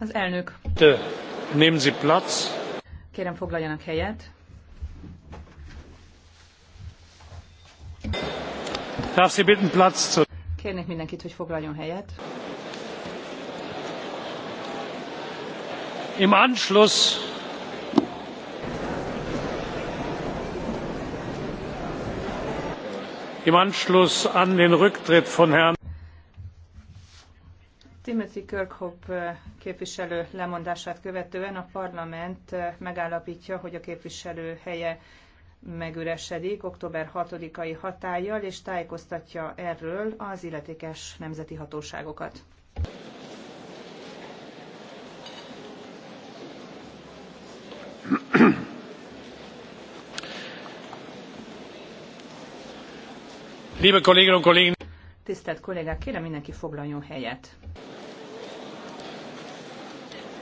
Az elnök. Nehmen Sie Platz. Kérem foglaljanak helyet. Darf Sie bitten Platz zu... Kérnék mindenkit, hogy foglaljon helyet. Im Anschluss im anschluss an den rücktritt von herrn Timothy Kirkhope képviselő lemondását követően a parlament megállapítja, hogy a képviselő helye megüresedik október 6-ai hatállyal, és tájékoztatja erről az illetékes nemzeti hatóságokat. Liebe Kolleginnen und Kollegen! Tisztelt kollégák, kérem mindenki foglaljon helyet.